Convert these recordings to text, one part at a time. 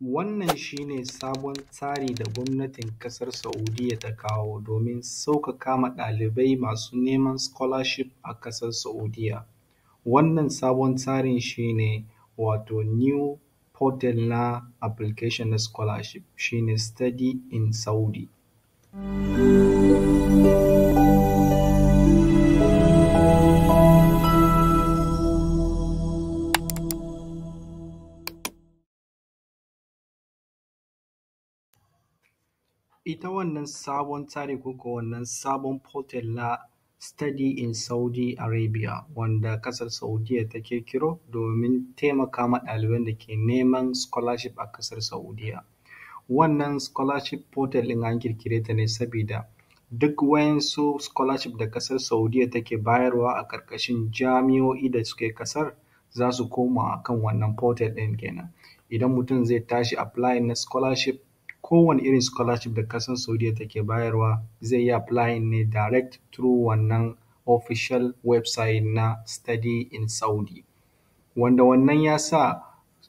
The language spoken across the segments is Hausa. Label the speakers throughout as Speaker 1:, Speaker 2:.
Speaker 1: Wannan shi ne sabon tsari da gwamnatin ƙasar Saudiyya ta kawo domin sauƙaƙa ma ɗalibai masu neman scholarship a ƙasar Saudiyya. Wannan sabon tsarin shi ne wato new portal na application na scholarship shi ne Study in Saudi. ita wannan sabon tsari ko wannan sabon portal na study in Saudi Arabia wanda kasar Saudiya ta kirkiro domin taimaka ma ɗaliban da ke neman scholarship a kasar Saudiya. Wannan scholarship portal ɗin an kirkire ta ne saboda duk wayansu scholarship da kasar Saudiya take bayarwa a ƙarƙashin jami'o'i da suke kasar za su koma akan wannan portal ɗin kenan. Idan mutum zai tashi applying na scholarship kowane irin scholarship da kasar Saudiya take bayarwa zai yi applying ne direct through wannan official website na Study in Saudi. Wanda wannan ya sa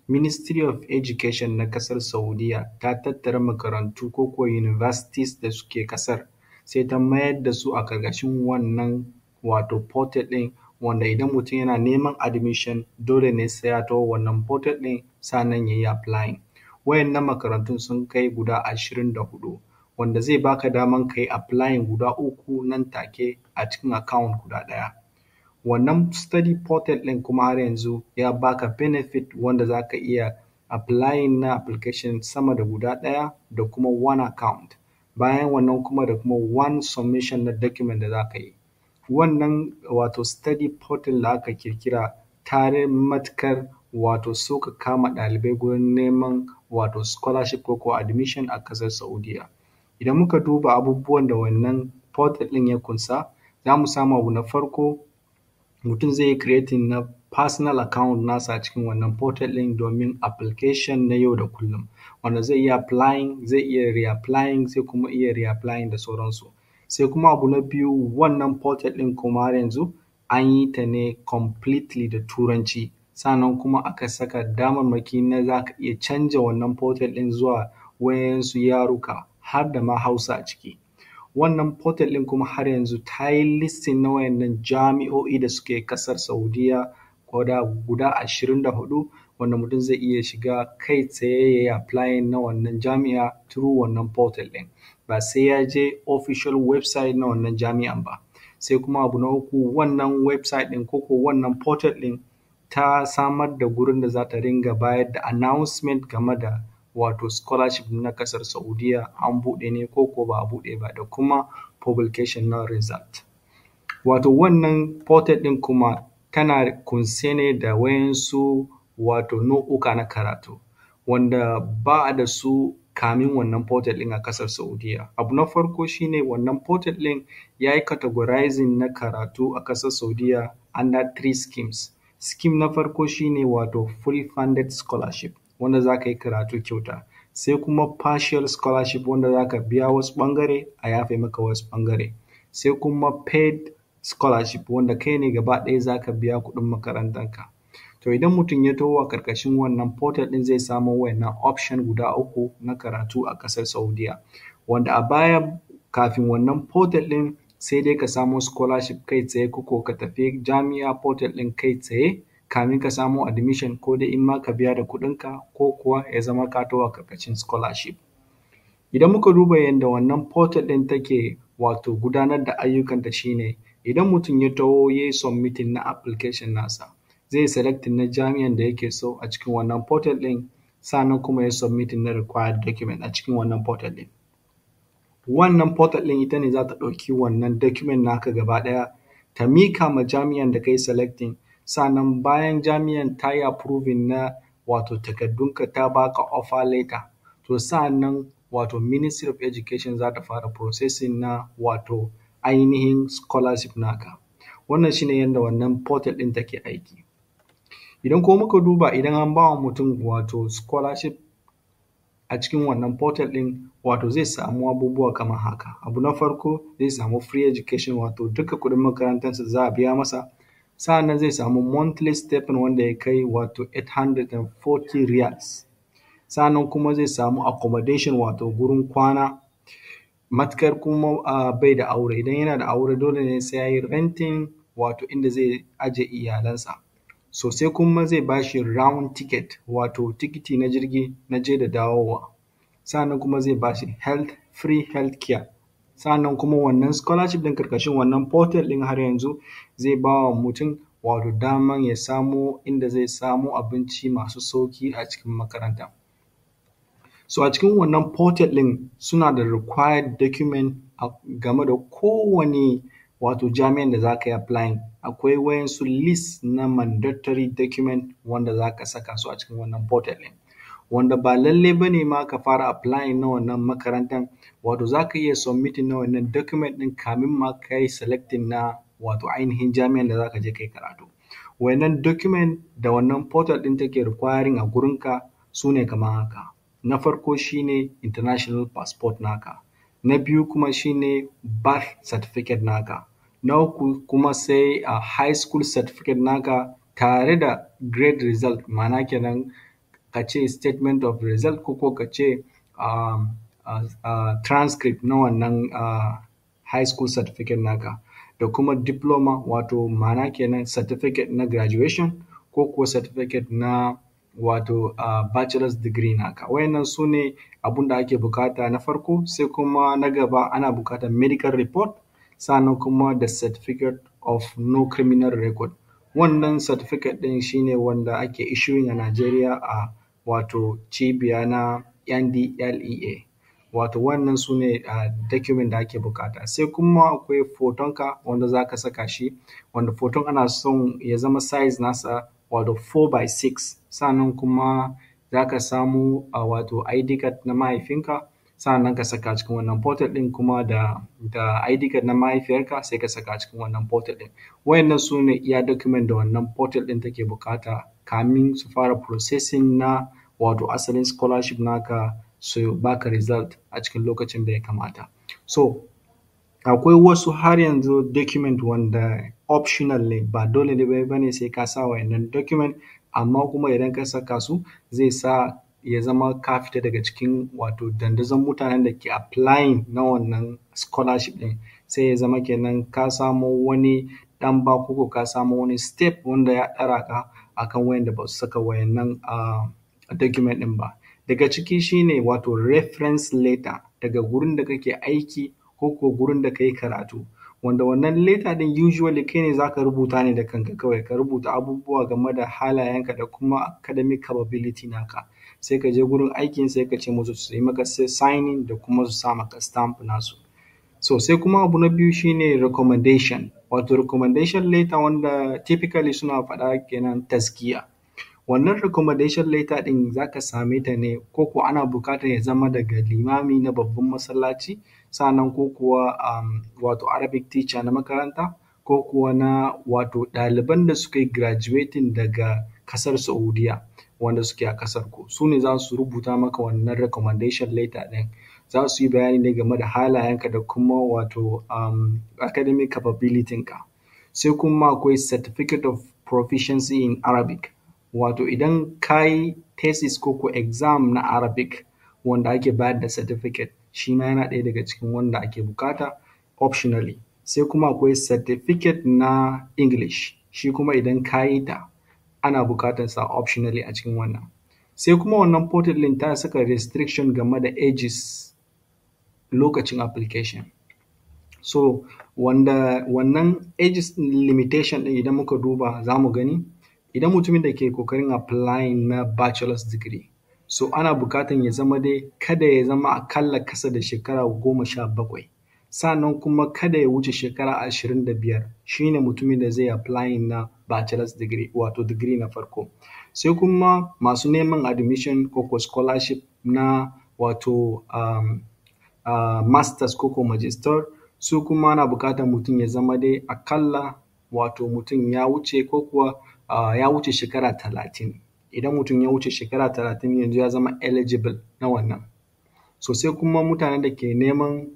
Speaker 1: Ministry of Education na kasar Saudiya ta tattara makarantu ko ko universities da suke kasar sai ta mayar da su a ƙarƙashin wannan wato portal ɗin wanda idan mutum yana neman admission dole ne sai ya wannan portal ɗin sannan ya yi applying. Waɗannan makarantun sun kai guda ashirin da hudu, wanda zai baka daman ka yi applying guda uku nan take a cikin account guda ɗaya. Wannan study portal ɗin kuma har yanzu ya baka benefit wanda za ka iya applying na application sama da guda ɗaya da kuma one account. Bayan wannan kuma da kuma one submission na document da za ka yi. Wannan wato study portal da aka ƙirƙira ta matukar wato so ka kama ɗalibai gurin neman wato scholarship ko ko admission a ƙasar Saudiya. Idan muka duba abubuwan da wannan portal ɗin ya kunsa za mu samu abu na farko mutum zai yi creating na personal account nasa a cikin wannan portal ɗin domin application na yau da kullum wanda zai iya applying zai iya reapplying zai kuma iya reapplying da sauransu. Sai kuma abu na biyu wannan portal ɗin kuma har yanzu an yi ta ne completely da Turanci. sannan kuma aka saka damarmaki na za ka iya canja wannan portal ɗin zuwa wayansu yaruka har da ma Hausa a ciki. Wannan portal ɗin kuma har yanzu ta yi listin na wayannan jami'o'i da suke ƙasar Saudiya da guda ashirin da hudu wanda mutum zai iya shiga kai tsaye ya yi applying na wannan jami'a through wannan portal ɗin ba sai ya je official website na wannan jami'an ba. Sai kuma abu na uku wannan website ɗin koko wannan portal ɗin ta samar da gurin da za ta ringa bayar da announcement game da wato scholarship na ƙasar Saudiya an buɗe ne ko ko ba a buɗe ba da kuma publication na result. Wato wannan portal ɗin kuma tana kunse ne da wayansu wato nau'uka na karatu wanda ba a da su kamin wannan portal ɗin a ƙasar Saudiya. Abu na farko shine wannan portal ɗin ya yi categorizing na karatu a ƙasar Saudiya under three schemes. Scheme na farko shi ne wato free funded scholarship wanda za ka yi karatu kyauta sai kuma partial scholarship wanda za ka biya wasu ɓangare a yafe maka wasu ɓangare sai kuma paid scholarship wanda kai ne gaba ɗaya za ka biya kuɗin makarantanka to idan mutum ya taho a ƙarƙashin wannan portal ɗin zai samo wannan option guda uku na karatu a ƙasar Saudiya wanda a baya kafin wannan portal ɗin sai dai ka samo scholarship kai tsaye ko ka tafi jami'a portal ɗin kai tsaye kamin ka samo admission ko dai in ma ka biya da kuɗinka ko kuwa ya zama ka taho a ƙarƙashin scholarship. Idan muka duba yadda wannan portal ɗin take wato gudanar da ayyukanta shi ne idan mutum ya taho ya yi submitting na application nasa zai selecting na jami'an da yake so a cikin wannan portal ɗin sannan kuma ya yi submitting na required document a cikin wannan portal ɗin. wannan portal ɗin ita ne za ta ɗauki wannan document naka gaba ɗaya ta mika ma jami'an da ka yi selecting sannan bayan jami'an ta yi approving na wato takardunka ta baka offer letter to sa'annan wato ministry of education za ta fara processing na wato ainihin scholarship naka wannan shine yadda wannan portal ɗin take aiki idan ko muka duba idan an ba wa mutum wato scholarship a cikin wannan portal ɗin wato zai samu abubuwa kamar haka abu na farko zai samu free education wato duka kuɗin makarantarsa za a biya masa sa'annan zai samu monthly stipend wanda ya kai wato 840 riyals sa'annan kuma zai samu accommodation wato gurin kwana matukar kuma bai da aure idan yana da aure dole ne sai ya yi renting wato inda zai aje iyalansa sosai kuma zai ba shi round ticket wato tikiti na jirgi na je da dawowa sa'annan kuma zai shi health free health care sa'annan kuma wannan scholarship din karkashin wannan portal din har yanzu zai ba wa mutum wato daman ya samo inda zai samo abinci masu sauki a cikin makaranta so a cikin wannan portal din suna da required document game da kowane wato jami'an da za ka yi applying akwai wayansu list na mandatory document wanda za ka saka su a cikin wannan portal ɗin wanda ba lallai ba ne ma ka fara applying na wannan makarantan wato za ka iya submitting na wannan document ɗin kamin ma ka yi selecting na wato ainihin jami'an da za ka je kai karatu. Wannan document da wannan portal ɗin take requiring a gurinka su ne kamar haka: na farko shi ne international passport naka, na biyu kuma shi ne birth certificate naka, na uku kuma sai high school certificate naka tare da grade result ma'ana kenan ka ce statement of result ko ka ce transcript na wannan high school certificate naka da kuma diploma wato mana kenan certificate na graduation ko kuwa certificate na wato bachelor's degree naka wayannan su ne abun ake bukata na farko sai kuma na gaba ana bukata medical report sannan kuma da certificate of no criminal record wannan certificate ɗin shine wanda ake issuing a Nigeria a wato cibiya na NDLEA wato wannan su ne document da ake buƙata. Sai kuma akwai fotonka wanda za ka saka shi wanda foton ana son ya zama size nasa wato four by six sa'annan kuma za ka samo wato ID card na mahaifinka sa'annan ka saka cikin wannan portal ɗin kuma da ID card na mahaifiyarka sai ka saka a cikin wannan portal ɗin. Wa'innan su ne iya document da wannan portal ɗin take buƙata kamin su fara processing na wato asalin scholarship naka su baka result a cikin lokacin da ya kamata so akwai wasu har yanzu document wanda optional ne ba dole ne ba ne sai ka sa wayannan document amma kuma idan ka saka su zai sa ya zama ka fita daga cikin wato dandazon mutanen da ke applying na wannan scholarship ɗin sai ya zama kenan ka samo wani ɗan ba ko ka samo wani step wanda ya ɗara ka akan wayanda ba su saka wayannan uh, A document ɗin ba. Daga ciki shine wato reference letter daga gurin da kake aiki ko ko gurin da kayi karatu. Wanda wannan leta ɗin usually kai ne zaka rubuta ne da kanka kawai ka rubuta abubuwa game da halayenka da kuma academic capability naka. Sai ka je gurin aikin sai ka ce musu su yi maka signing da kuma su sa maka stamp nasu. So sai kuma abu na biyu shine recommendation wato recommendation letter wanda typically suna faɗa kenan taskiya. wannan recommendation letter ɗin za ka same ta ne ko kuwa ana buƙatar ya zama daga limami na babban masallaci sa'annan ko kuwa um, wato Arabic teacher na makaranta ko kuwa na wato ɗaliban da suka yi graduating daga ƙasar Saudiya wanda suke a ƙasar ku su ne za su rubuta maka wannan recommendation letter ɗin za su yi bayani ne game da halayenka da kuma wato um, academic capability ka sai kuma akwai certificate of proficiency in Arabic wato idan ka yi thesis ko ko exam na Arabic wanda ake bayar da certificate shi ma yana ɗaya daga cikin wanda ake bukata optionally. Sai kuma akwai certificate na English shi kuma idan ka yi ta ana sa optionally a cikin wannan. Sai kuma wannan portal ɗin ta saka restriction game da ages lokacin application. So wanda wannan ages limitation ɗin idan muka duba za mu gani Idan mutumin da ke ƙoƙarin applying na bachelor's degree, so ana buƙatan ya zama dai kada ya zama aƙalla ƙasa da shekara goma sha bakwai. Sa'annan kuma kada ya wuce shekara ashirin da biyar shi ne mutumin da zai applying na bachelor's degree wato digiri na farko. Sai kuma masu neman admission ko ko scholarship na wato um, uh, masters ko ko magister su kuma ana buƙatan mutum ya zama dai aƙalla wato mutum ya wuce ko kuwa Ah, ya wuce shekara talatin idan mutum ya wuce shekara talatin yanzu ya zama eligible na wannan so kuma mutane da ke neman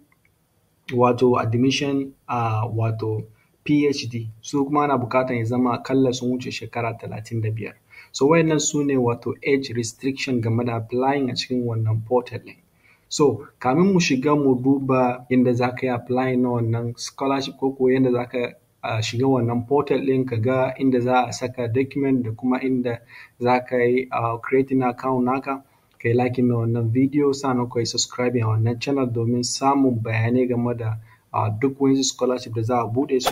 Speaker 1: wato admission a ah, wato PhD su kuma ana bukatan ya zama akalla sun wuce shekara talatin da biyar so wayannan su ne wato age restriction game da applying a cikin wannan portal din So, kamin mu shiga mu duba yadda za ka yi applying na wannan scholarship ko ko yadda za ka a shiga wannan portal ɗin ka ga inda za a saka document da kuma inda za ka yi a creating account naka ka yi liking na wannan video sannan ka yi subscribing a wannan channel domin samun bayanai game da duk wani scholarship da za a buɗe su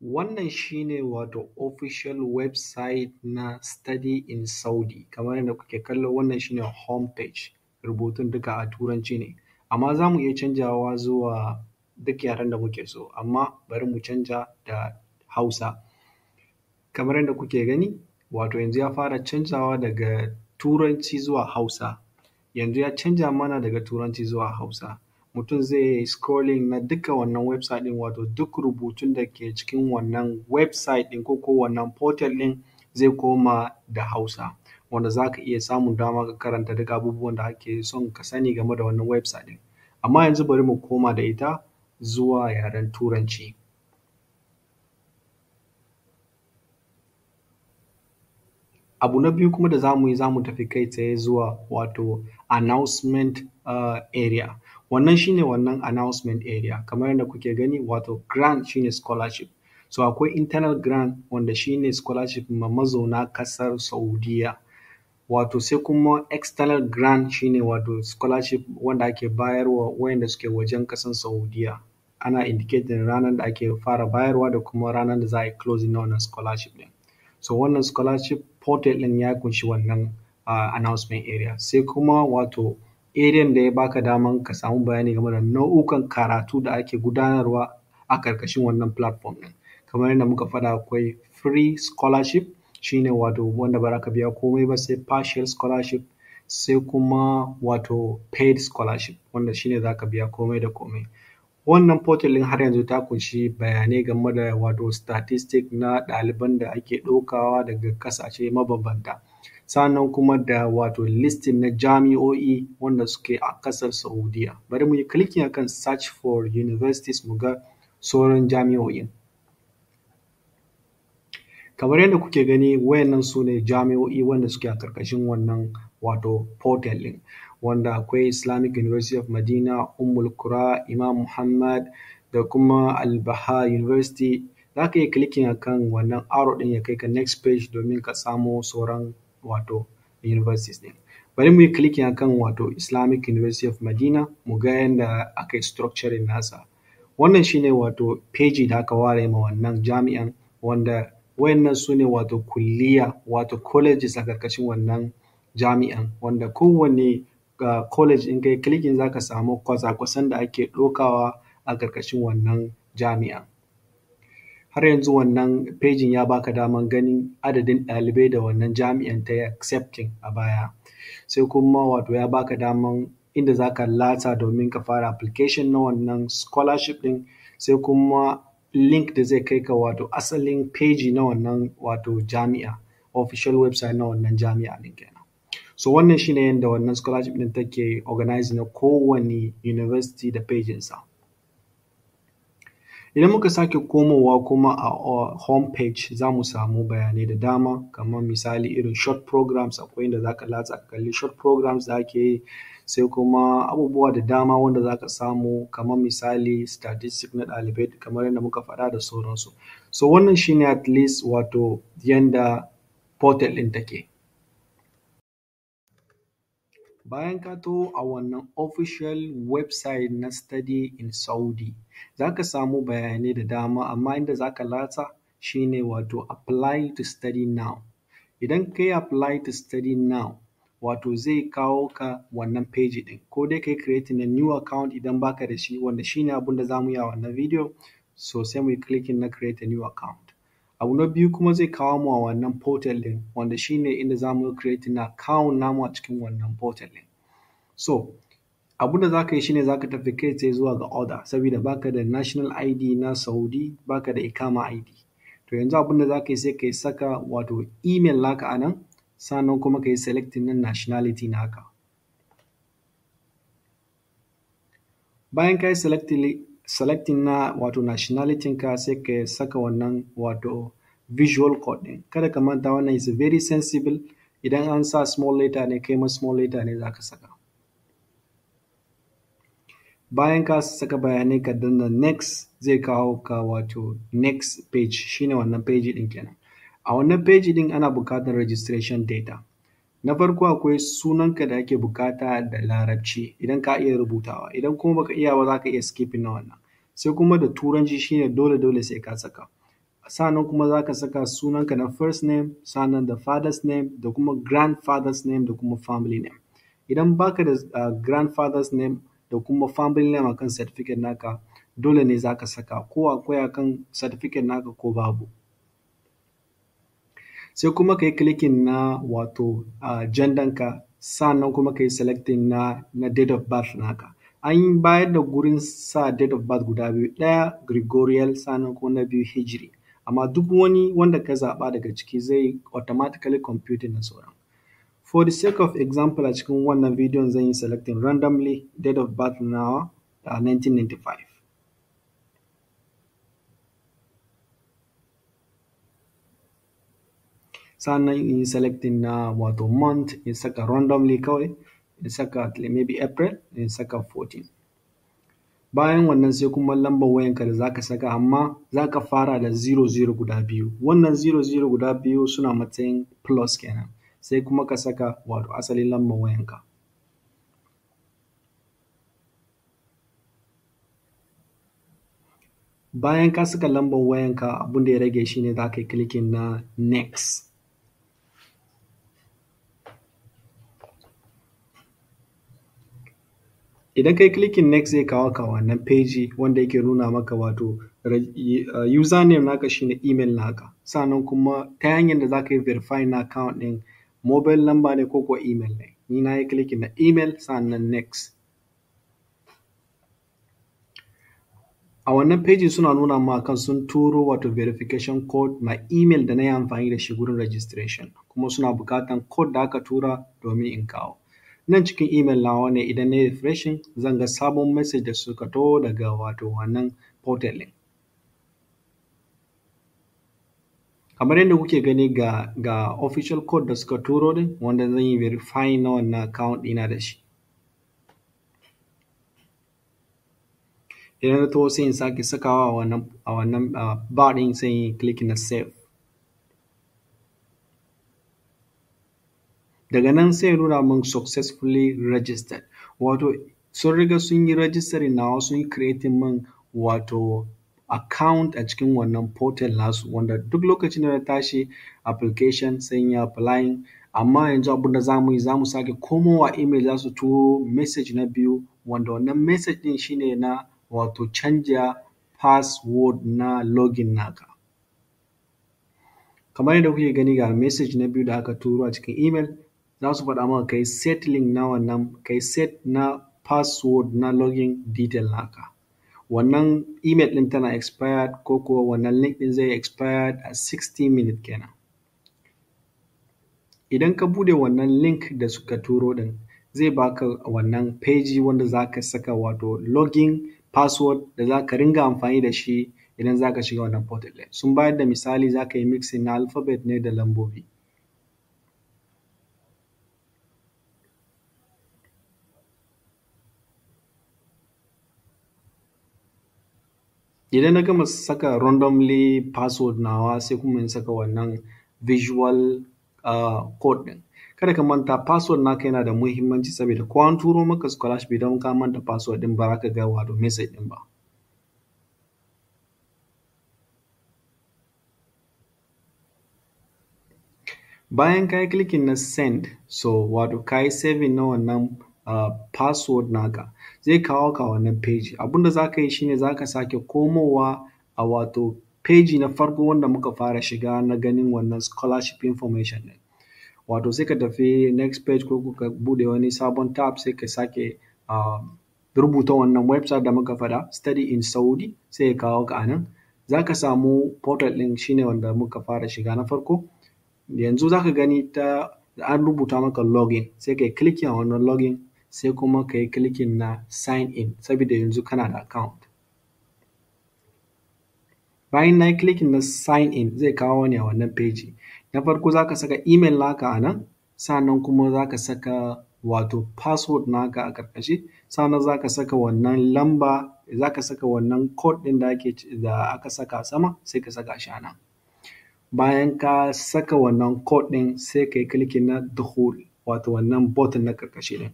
Speaker 1: wannan shi ne wato official website na study in saudi kamar yadda kuke kallo wannan shi ne home page rubutun duka a turanci ne amma za mu iya canjawa zuwa duk yaren da muke so amma bari mu canja da hausa kamar yadda kuke gani wato yanzu ya fara canjawa daga turanci zuwa hausa yanzu ya canja mana daga turanci zuwa hausa mutum zai yi scrolling na duka wannan website ɗin wato duk rubutun da ke cikin wannan website ɗin ko ko wannan portal ɗin zai koma da hausa wanda za ka iya samun dama ka karanta duk abubuwan da ake son ka sani game da wannan website ɗin. Amma yanzu bari mu koma da ita zuwa yaren Turanci. Abu na biyu kuma da za mu yi za mu tafi kai tsaye zuwa wato announcement uh, area. Wannan shi ne wannan announcement area kamar yadda kuke gani wato grant ne scholarship. So akwai internal grant wanda shi ne scholarship ma mazauna ƙasar Saudiyya? wato sai kuma external grant shine wato scholarship wanda ake bayarwa wayanda suke wajen kasan Saudiyya ana indicating ranar da ake fara bayarwa da kuma ranar da za a yi closing na wannan scholarship ɗin. So wannan scholarship portal ɗin ya kunshi wannan uh, announcement area. Sai kuma wato area da ya baka daman ka samu bayani game da nau'ukan karatu da ake gudanarwa a karkashin wannan platform ɗin. Kamar yadda muka faɗa akwai free scholarship shine wato wanda ba za ka biya komai ba sai partial scholarship sai kuma wato paid scholarship wanda shine za ka biya komai da komai wannan portal din har yanzu ta kunshi bayanai game da wato statistic na ɗaliban da ake ɗaukawa daga ƙasashe mabambanta sannan kuma da wato listing na jami'o'i wanda suke a ƙasar saudiya bari mu yi clicking akan search for universities mu ga sauran jami'o'in Kamar yadda kuke gani wayannan su ne jami'o'i wanda suke a ƙarƙashin wannan wato portal ɗin wanda akwai Islamic University of Madina, Ummul Qura, Imam Muhammad da kuma Al-Baha University. Za ka iya clicking akan wannan arrow ɗin ya kai ka next page domin ka samo sauran wato universities ɗin. Bari mu yi clicking akan wato Islamic University of Madina mu ga yadda aka yi structuring nasa. Wannan shine wato peji da aka ware ma wannan jami'an wanda Wa'innan su ne wato kulliya wato colleges a ƙarƙashin wannan jami'an wanda kowanne college in kai clicking za ka samu kwasa-kwasan da ake ɗaukawa a ƙarƙashin wannan jami'an. Har yanzu wannan pejin ya baka daman ganin adadin ɗalibai da wannan jami'an ta yi accepting a baya. Sai kuma wato ya baka daman inda zaka ka latsa domin ka fara application na wannan scholarship ɗin, sai kuma link da zai kai ka wato asalin peji na wannan wato jami'a official website na wannan jami'a din kenan so wannan shine yadda wannan scholarship din take organize na kowane university da pejinsa. Idan muka sake komowa kuma a home page za mu samu bayanai da dama kamar misali irin short programs akwai inda za ka latsa kalli short programs da ake yi sai kuma abubuwa da dama wanda za ka samu kamar misali statistics na ɗalibai kamar yadda muka faɗa da sauransu. So wannan shi ne at least wato yanda portal ɗin take. bayan ka taho a wannan official website na study in Saudi za ka samu bayanai da dama amma inda za ka latsa shi ne wato apply to study now. Idan ka yi apply to study now wato zai kawo ka wannan page ɗin ko dai ka yi creating a new account idan baka da shi wanda shi ne abin da za mu yi a wannan video so sai mu yi clicking na create a new account. Abu na biyu kuma zai kawo mu wa wannan portal ɗin wanda shi ne inda za mu na account namu a cikin wannan portal ɗin. So abun da za ka yi shi ne za ka tafi kai tsaye zuwa ga order saboda baka da national ID na Saudi baka da ikama ID. To yanzu abin da za ka yi sai ka saka wato email naka a nan sannan kuma ka yi selecting na nationality naka. Bayan ka yi selecting selecting na wato nationality ka sai ka saka wannan wato visual code ɗin kada ka manta wannan is very sensible idan an sa small letter ne kai ma small letter ne za ka saka bayan ka saka bayanai ka danna next zai kawo ka wato next page shine wannan page ɗin kenan a wannan page ɗin ana buƙatar registration data Na farko akwai sunanka da ake bukata da larabci idan ka iya rubutawa, idan kuma baka iya ba za ka iya skipping na wannan. Sai kuma da turanci shine ne dole dole sai ka saka. sannan kuma za ka saka sunanka na first name, sannan da father's name, da kuma grandfather's name, da kuma family name. Idan baka da grandfather's name da kuma family name akan certificate naka, dole ne za ka saka ko akwai akan certificate naka ko babu. sai kuma ka yi clicking na wato uh, gender ka sannan kuma ka yi selecting na, na date of birth naka an bayar da gurin sa date of birth guda biyu ɗaya gregorial sannan kuma na biyu hijiri amma duk wani wanda ka zaɓa daga ciki zai automatically computing na sauran for the sake of example a cikin wannan bidiyon zan yi selecting randomly date of birth na 1995 sannan in yi selecting na uh, wato month in saka randomly kawai in saka maybe april in saka 14 bayan wannan sai kuma lambar wayanka da zaka saka amma zaka fara da 00 guda biyu wannan 00 guda biyu suna matsayin plus kenan sai kuma ka saka wato asalin lambar wayanka bayan ka saka lambar wayanka abin da ya rage shine za ka yi clicking na next Idan kai yi clicking next zai kawo ka wannan page wanda yake nuna maka wato uh, username naka shine email naka. sannan kuma ta hanyar da za ka yi verify na account ɗin mobile number ne ko kuwa email ne. Ni na yi clicking na email sannan next. A wannan page suna nuna ma kan sun turo wato verification code na email da na yi amfani da shi wurin registration kuma suna buƙatan code da aka tura domin in kawo. Nan cikin email nawa ne idan na yi refreshing zan ga sabon message da suka to daga wato wannan portal ɗin. Kamar yadda kuke gani ga, ga official code da suka turo ɗin wanda zan yi verify na wannan account ɗina da shi. Idan na taho sai in sake sakawa a wannan, a bar ɗin sai in yi clicking na save. daga nan sai nuna min successfully registered wato sun riga sun yi registering nawa sun yi creating min wato account a cikin wannan portal nasu wanda duk lokacin da na tashi application sai ya applying amma yanzu abin da za mu yi za mu sake komowa email za su turo message na biyu wanda wannan message ɗin shine na wato canja password na login naka kamar yadda kuke gani ga message na biyu da aka turo a cikin email za su faɗa maka kai set link na wannan kai set na password na login detail naka wannan email ɗin tana expired ko kuwa wannan link ɗin zai expired a 60 minute kenan idan ka bude wannan link da suka turo ɗin zai baka wannan page wanda za ka saka wato login password da za ka ringa amfani da shi idan za ka shiga wannan portal sun bayar da misali za ka yi mixing na alphabet ne da lambobi idan na gama saka randomly password nawa sai kuma in saka wannan visual uh, code din kada ka manta password naka yana da muhimmanci saboda ko an turo maka scholarship bi don ka manta password din ba ka ga wato message din ba bayan ka yi clicking na send so wato ka yi saving na wannan password naka zai kawo ka wannan page abunda za ka yi shi ne za ka sake komowa a wato page na farko wanda muka fara shiga na ganin wannan scholarship information ɗin wato sai ka tafi next page ko ka buɗe wani sabon tab sai ka sake rubuta wannan website da muka faɗa study in saudi sai ya kawo ka anan za ka samu portal ɗin shine wanda muka fara shiga na farko yanzu za ka gani ta an rubuta maka login sai ka yi clicking a wannan login sai kuma ka yi clicking na sign in saboda yanzu kana da account. Bayan na yi clicking na sign in zai kawo ni a wannan page. Na farko za ka saka email naka a nan, sannan kuma za ka saka wato password naka a ƙarƙashi, sannan za ka saka wannan lamba, za ka saka wannan code ɗin da ake da aka saka sama sai ka saka shi a nan. Bayan ka saka wannan code ɗin sai ka yi clicking na duhul wato wannan button na ƙarƙashi ɗin.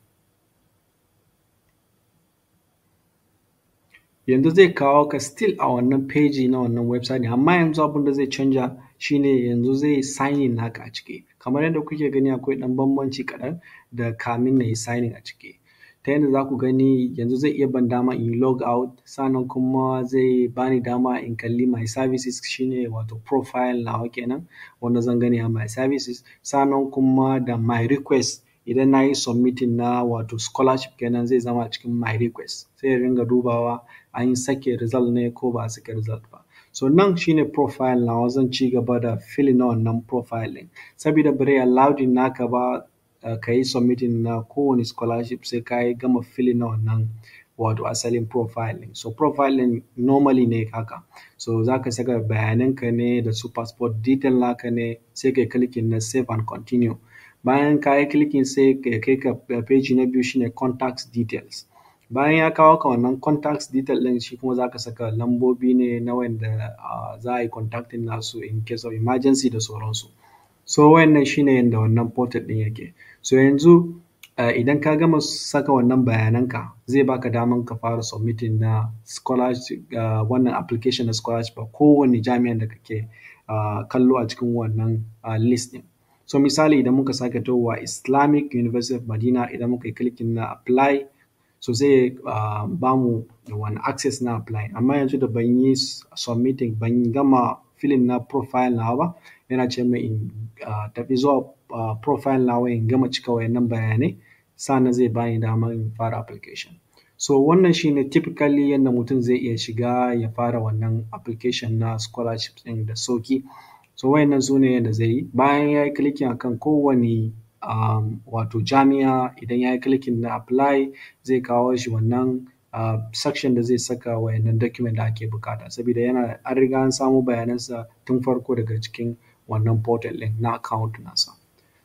Speaker 1: yanzu zai kawo ka still a wannan page na wannan website amma yanzu abin da zai canja shine yanzu zai signing naka a ciki kamar yadda kuke gani akwai ɗan bambanci kaɗan da kamin na yi signing a ciki ta yadda za ku gani yanzu zai iya ban dama in log out sannan kuma zai bani dama in kalli my services shine wato profile nawa kenan wanda zan gani a my services sannan kuma da my request idan na yi submitting na wato scholarship kenan zai zama cikin my request sai ya ringa dubawa an yi sake result ne ko ba a sake result ba so nan shine profile na zan ci gaba da filling na wannan profile saboda bare allowed in naka ba eh, ka yi submitting na kowane scholarship sai ka yi gama filling na wannan wato asalin profiling so profiling normally ne haka so za ka saka bayananka ne da su passport detail naka ne sai kai clicking na save and continue Bayan ka yi clicking sai ya kai ka page na biyu shine contacts details. Bayan ya kawo ka wannan contacts details din shi kuma za saka lambobi ne na wanda za a yi contacting nasu in case of emergency da sauransu. So wannan shine yanda wannan portal din yake. So yanzu idan ka gama saka wannan bayananka zai baka daman ka fara submitting na scholarship uh, wannan application na scholarship ko kowane jami'an da kake uh, kallo a cikin wannan uh, list ɗin. So misali idan muka sake towa Islamic University of Medina idan muka yi clicking na apply so zai ba ah, bamu da wani access na apply amma yanzu da ban yi submitting ban gama filin na profile na ba yana ce mai in ah, tafi zuwa ah, profile na in gama cika nan bayanai sannan zai bani damar in fara application so wannan shi ne typically yadda mutum zai iya shiga ya fara wannan application na scholarship ɗin da sauki So wayannan su ne zai yi. Bayan ya yi clicking kan kowane um, wato jami'a idan ya yi clicking na apply zai kawo shi wannan uh, section da zai saka wayannan document da ake bukata saboda yana an riga an samo sa tun farko daga cikin wannan portal ɗin na account nasa.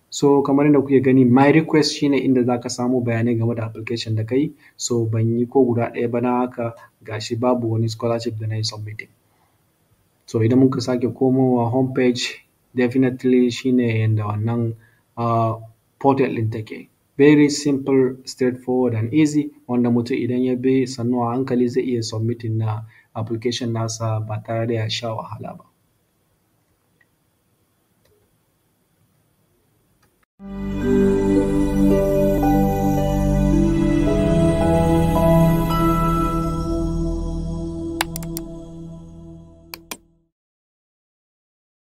Speaker 1: So kamar yadda kuke gani my request shine inda za ka samo bayanai game da application da kai so ban yi ko guda ɗaya ba na haka shi babu wani scholarship da na yi submitting. So idan muka sake komowa page definitely shine yanda wannan ah, portal ɗin take. Very simple, straightforward and easy wanda mutum idan ya bi sannu a hankali zai iya submitting na application nasa ba tare da ya sha wahala ba.